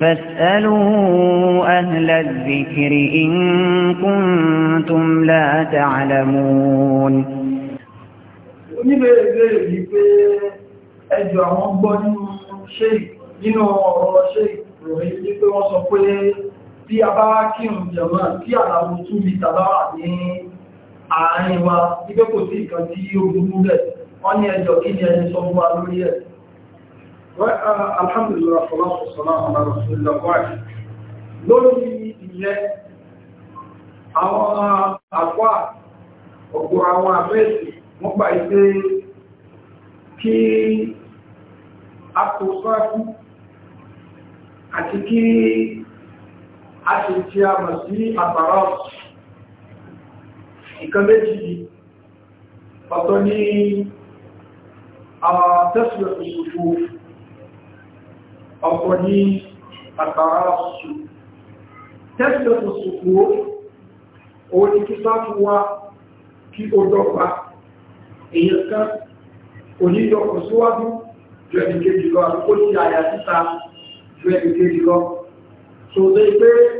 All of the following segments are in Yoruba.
فاسألوا أهل الذكر إن كنتم لا تعلمون ẹjọ́ àwọn gbọ́ nínú ṣe nínú ọ̀rọ̀ ṣe ní pé wọ́n sọ pé bí a bá kí n jẹ̀mọ́ tí àlàmù tún bí tàbáwà ní àárín wa ipé kò sí ìkan tí ó gbogbo rẹ̀ wọ́n ní ẹjọ́ kí ni ẹni sọ fún wa lórí ẹ̀ Uh, alhamdulillah salatu salam ala rasulillah wáyé lórí ìyẹn àwọn àgbà ọ̀pọ̀ àwọn àfẹ́sì wọ́n gbà ìpé kí a kò sọ́ọ̀kú àti kí a ṣe tí a mọ̀ sí àbàrá ìkan méjì ọ̀tọ̀ ní àwọn uh, tẹ́sùlẹ̀ òṣùfò ọ̀pọ̀ que àtàrà ọ̀sùn tẹ́sítẹ̀ tó sùkú ó ní kí sáfù wá kí ó dọ́gba èyàn kan onídọ́kọ̀ síwájú ju é lọ àdúgbò sí àyà síta ju o lọ tó lé pé wọ́n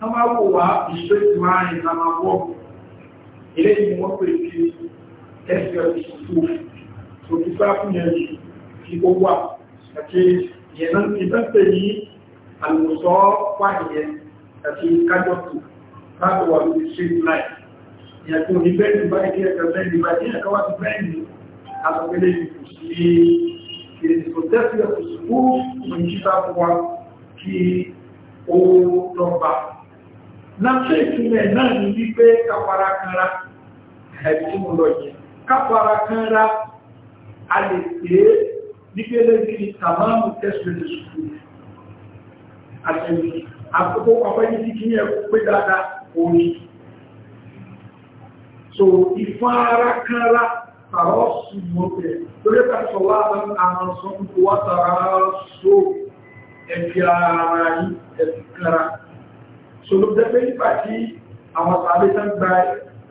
tá máa wò wá ìṣètò àárín àmà tá bọ́ eléyìí wọ́n pè sí tẹ́sítẹ̀ tó sùkú tó kí sáfù yẹn kí ó wà àti yẹ̀nà ìfẹ́fẹ́ yìí àlùsọ́ wáyẹ̀ àti kájọ́tù láti wà lórí street life ìyàtọ̀ ní bẹ́ẹ̀ni báyìí kí ẹ̀kẹ́ bẹ́ẹ̀ni báyìí ẹ̀kẹ́ wá ti bẹ́ẹ̀ni alọ́pẹ́lẹ́ ìkù sí ìrìnkòtẹ́sì ẹ̀kù sùkú ìrìnkítà fún wa kí ó lọ́ba láti ìtumẹ̀ náà ní wípé kápára kanra nígbélé ní tàbáàmù tẹ́sìlẹ̀ sùkú àtẹ̀lẹ̀ àkókò ọ̀pẹ́ni tí kí ní so ìfún ara kára tàrọ sùn mọ́tẹ̀ lórí kàtọ̀ wá àwọn sọ so ẹ̀fì ara yìí ẹ̀fì kára so ló dẹ́gbẹ́ nípa tí àwọn sàbẹ́ tán gba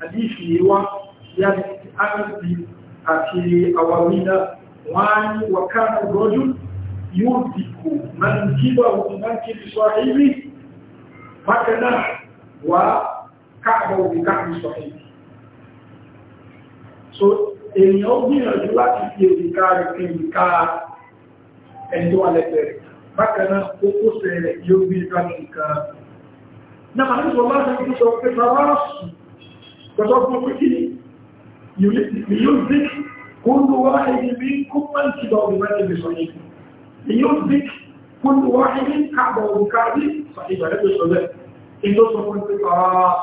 àdífì wá àti àwọn mìíràn wani wakana rojul yudhiku manjiba umaki biswahili fakana wa kaaba umikaki biswahili so èèyàn ó gbìyànjú láti fi èdìká rẹ̀ fi èdìká ẹ̀dọ́ alẹ́gbẹ̀ rẹ̀ bákanáà ó kó sẹ̀rẹ̀ ni كل واحد منكم منسد بمن بصحيح ليثبت كل واحد كعبه بكعب صحيح لا يصدق إن تصف التراص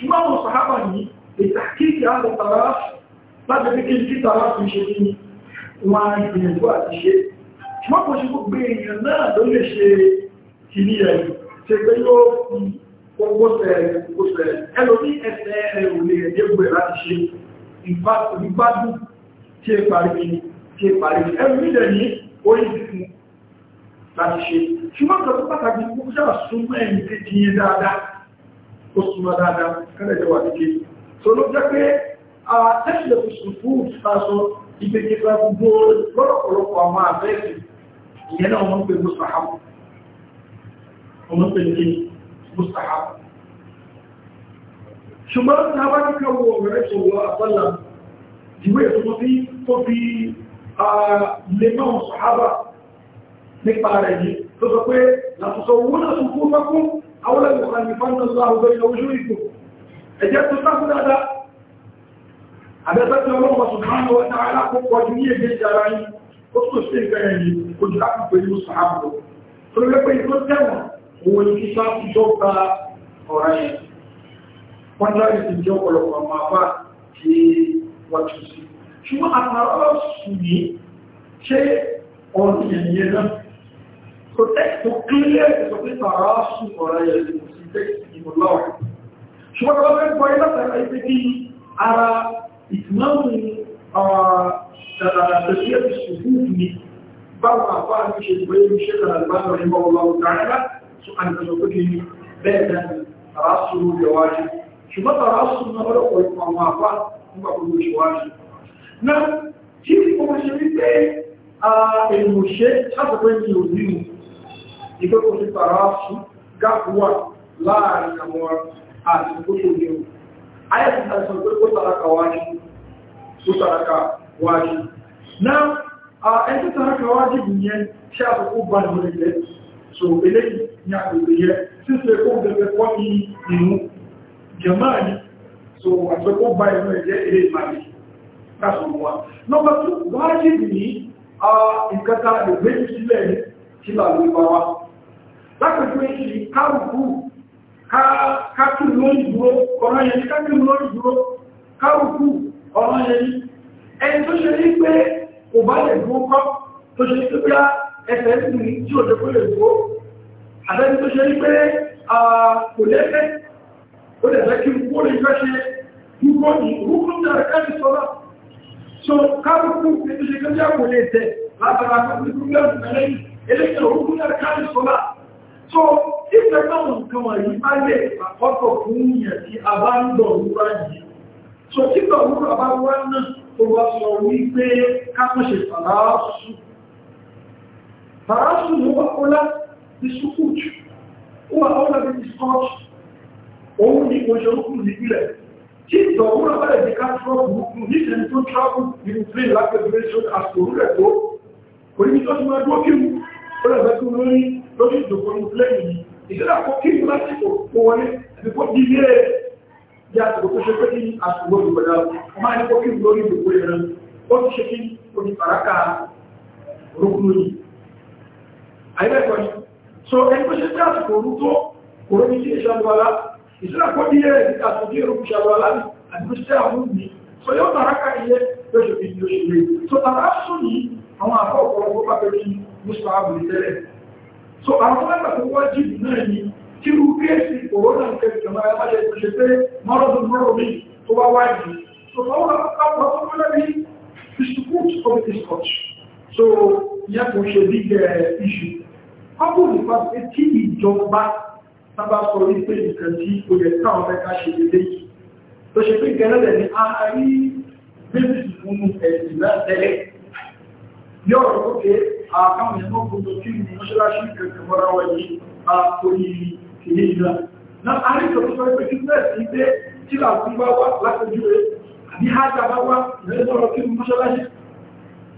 شما هو الصحابة لتحقيق هذا التراص بعد فكرة في تراص شديد وما من الوقت شيء شما هو شبه بين الناس دول شيء كبير شيء kókósẹ̀ kókósẹ̀ ẹlòmí ẹsẹ̀ ẹ̀rù lè ẹ̀dẹ́gbẹ̀ láti ṣe ìgbádùn tí è parí ní tí è parí ní ẹ̀rù nílẹ̀ ní orí fífún láti ṣe ṣùgbọ́n tó pàtàkì kó sáà súnmọ́ ẹ̀yìn kejì yẹn dáadáa ó súnmọ́ dáadáa kẹ́lẹ̀jẹ́ wà ní kejì tó ló jẹ́ pé àtẹ́sílẹ̀ kùsùn fún ìfàṣọ ìgbẹ̀jẹ̀ gbogbo lọ́pọ̀lọpọ̀ àwọn àbẹ́ẹ̀sì ìyẹn ṣùgbọ́n tí a bá ní káwọ́ ọ̀rẹ́ sọ̀rọ̀ àpọ́lá ìwé ìtọ́tọ́ tí tó fi lẹ́mọ́ sọ̀hábà nípa rẹ̀ yìí tó sọ pé látọ̀sọ̀ owó náà tún fún fẹ́kún awọ́lẹ́gbọ̀n kan ní fánàlá ọgbẹ́ ìlọ ojú ìgbò ẹ̀jẹ́ tó sáfún dáadáa àbẹ́sẹ́tẹ̀ ọlọ́wọ́ sùnmọ́ ọ̀tà alákòókò ọdún ní èdè ìjára yìí wọ́n láì ìjọ ọ̀pọ̀lọpọ̀ àmọ́ àbá wọ́n tún sí ṣùgbọ́n àtàrà sùn ní ṣe ọ̀rọ̀ ìyẹn náà kò tẹ́kù kílẹ̀ ìsọ̀pẹ́ta ara sùn ọ̀rọ̀ ìyẹn kò sí tẹ́kù ìmọ̀láwà ṣùgbọ́n tó bá fẹ́ gbọ́ ilé tẹ̀lé ibi bí ara ìtìmọ́mù tẹ̀lẹ̀ ṣùgbọ́n ní báwọn àfáà ní ṣe ìgbé iṣẹ́ tẹ̀lẹ̀gbọ́n rẹ̀ mọ́wọ́lọ́wọ́ tààrà sọ àìsànlọ́pẹ́ bẹ́ẹ̀ tẹ̀lẹ̀ ara sùn lórí ọwájú ṣùgbọ́n tààrà náà lọ́pọ̀ ìpọ̀ àwọn nígbà gbogbo ìṣòwájú náà tí ó máa ṣe wípé èmùṣe látọ̀pẹ́ ní òmìnú ìgbẹ́kùn ti pàrọ̀ fún gáàkù wà láàrin àwọn àti gbogbo ìrìn ayẹ́sì àìsàn pé ó tàràkà wájú ó tàràkà wájú náà ẹni a kò bá ní ilẹ̀ so eléyìí ni àgbègbè yẹ tí ó ṣe kó so I go buy àtọ́kọ́ bá ẹnu ẹ̀jẹ́ ilé ìmàlì káàkiri wa nọ́mbà tó wájìbì ní ìkẹta ìgbé sílẹ̀ kí làwọn ìbá wa lápẹ̀tọ́ ìṣì kárùkù káàkiri lórí dúró ọ̀rọ̀ yẹn káàkiri lórí dúró kárùkù ọ̀rọ̀ yẹn ẹni tó ṣe ní pé kò bá lè dúró kọ́ tó ṣe tó bí ẹsẹ̀ ń sìn tí ò lè kó lè And then tó ṣe ní pé kò lẹ́fẹ̀ẹ́ ó lè jẹ́ kí ó lè fẹ́ ṣe púpọ̀ ní rúkún dára káàkiri sọ́lá so káàkùkù ètò ṣe kọjá kò lè tẹ̀ látara pẹ̀lú mẹ́lẹ́yìn eléyìn rúkún dára káàkiri sọ́lá so ìfẹ́ táwọn nǹkan wọ̀nyí bá lè àkọ́kọ̀ fún yẹn tí a bá ń dọ̀ wúra yìí so tí dọ̀ wúra bá wá náà tó wá sọ wípé káàkùn ṣe fàlásù fàlásù ló wà kọ́lá ní sukùtù ó wà ọ́lá bí ní scotch òun ní kò ṣe orúkú nípìlẹ̀ tí ìtọ̀ òun abẹ́rẹ̀ ti ká trọ́pù rúkú níṣẹ́ tó trọ́pù nínú fún ìlápẹ̀lẹ̀ ṣe àṣòrú rẹ̀ tó kò ní tó ti máa dúró kí ó rẹ̀ fẹ́ kí ó lórí lórí ìdòkó ní fúlẹ́yìn yìí ìṣẹ́lá kó kí ó láti kó wọlé àti kó di ilé ya àtòkò tó ṣe pé ní àṣòrú olùgbàdà máa ní kó kí ó lórí ìdòkó ìran ó ti ṣe kí ó ní fàrákà rúkú yìí àyẹ́bẹ̀kọ́ ni so ẹni tó ṣe pé àsìkò orú tó kò ní sí ìṣàlùwàlá Islam ko diye ka so diye ru shawala administrator mu ni so yo baraka iye to je bi yo ile so ara so ni àwọn afa ọ̀pọ̀lọpọ̀ bá bẹ̀rẹ̀ ní mustahabu ní tẹ́lẹ̀ so àwọn mẹ́ta tó wájú náà ni kí ló kéèsì corona ń kẹ́kẹ́ jọmọ́ ẹ̀ máa yẹ kó ṣe pé mọ́rọ̀dún mọ́rọ̀ mi tó bá wájú so fọwọ́ àwọn tó mọ́lẹ̀ bí distribute of this coach so ìyẹn kò ṣe bí eh, issue kọ́kùnrin pàṣẹ tí ìjọba tábà sọ wípé nǹkan tí ó yẹ táwọn mẹ́ka ṣe lè léyìí tó ṣe pé gẹ́rẹ́lẹ̀ ni a rí bẹ́ẹ̀sì fún ẹ̀sìn náà tẹ́lẹ̀ bí ọ̀rọ̀ lókè àkáwọn ìlú gbogbo kí ni mọ́ṣáláṣí kankan mọ́ra wọn yìí a orí kìíní ìlà náà a rí ìjọba sọ pé kí bẹ́ẹ̀sì pé tí làkún bá wà látọjú rẹ̀ àbí hájà bá wà ìrẹ́sọ̀rọ̀ kí mọ́ṣáláṣí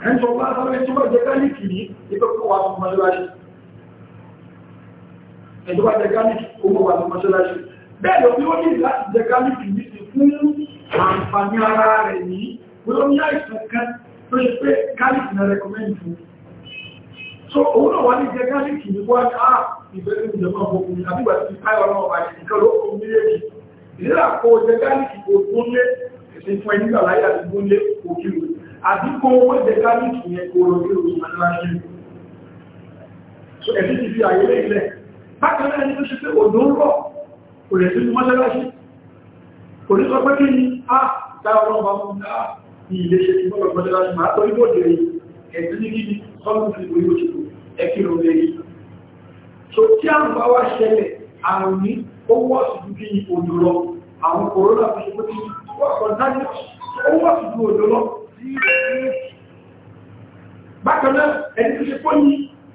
ẹ̀ńtọ́ bá sáré tó bá jẹ́ káyìkì ní ìgbẹ́kọ̀ọ́ wa mọ́ṣáláṣí ẹ̀dọ́gbà jẹkánìkì owó wà ní mọ́ṣáláṣí bẹ́ẹ̀ lọ bí ó ní láti jẹkánìkì ní ti fún àǹfààní ara rẹ̀ ní pé ó ní àìsàn kan tó ṣe pé kánìkì náà rẹ̀kọ́mẹ́ǹdì fún so òun náà wà ní jẹkánìkì ní wọ́n á ìbẹ̀rẹ̀ ah, ìjọba ọkùnrin àbígbà tí káyọ̀ náà wà ní ìkọlọ́ òun méjèèjì ìlera kó jẹkánìkì kò tún lé ẹ̀sìn fún ẹni gbàláyà tó lé òkìrò àdínkù owó jẹkánìkì yẹn kó lọ sí òun mọ́ṣáláṣí ẹ̀sìn ti fi bákan náà ní tó ṣe pé òdó ń rọ̀ kò lè sínú mọ́sálásí kò ní sọ pé kí ni a dáwọn ọmọ mú ní ah, ilé ṣe tí mọ́lọ̀ mọ́sálásí máa tọ́ ibò dé ẹ̀sìn ní kíni sọ́nù ti gbé yóò ṣètò so tí a ń bá wá ṣẹlẹ̀ àrùn ní ó wọ́ sí ju kí òdò lọ àwọn kòrónà fi ṣe pé kí wọ́n kọ̀ dájú ó wọ́ sí ju òdò lọ ẹni tó ṣe pé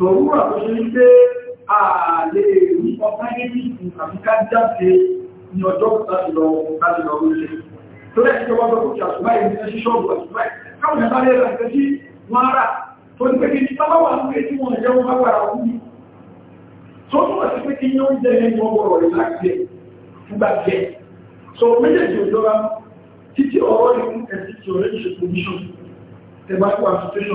lòwúrà tó ṣe wípé ààlè rí ọkàn ní àfikà jáde ní ọjọ́ kọtàlélọ kọtàlélọ lóṣè tó lẹ́yìn tó wọ́n tó kùtù àṣùgbà ìlú ẹṣí ṣọ́ọ̀bù àṣùgbà káwọn ẹ̀bá lè rẹ̀ sí wọn rà tó ní pé kí ní tábà wà nílé tí wọ́n jẹ́ wọn bá gbára wọn ní tó túnmọ̀ sí pé kí ní oúnjẹ yẹn wọ́n bọ̀rọ̀ rẹ̀ láti ẹ̀ fúgbà jẹ́ so méjèèjì òjọba títí ọ̀rọ̀ ìkún ẹ̀sì tí ọ̀rẹ́ ìṣètò mission ẹ̀bá tó àtúntò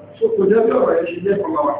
so bí ọ̀rọ̀ yẹn ṣe jẹ́ fọlọ́wà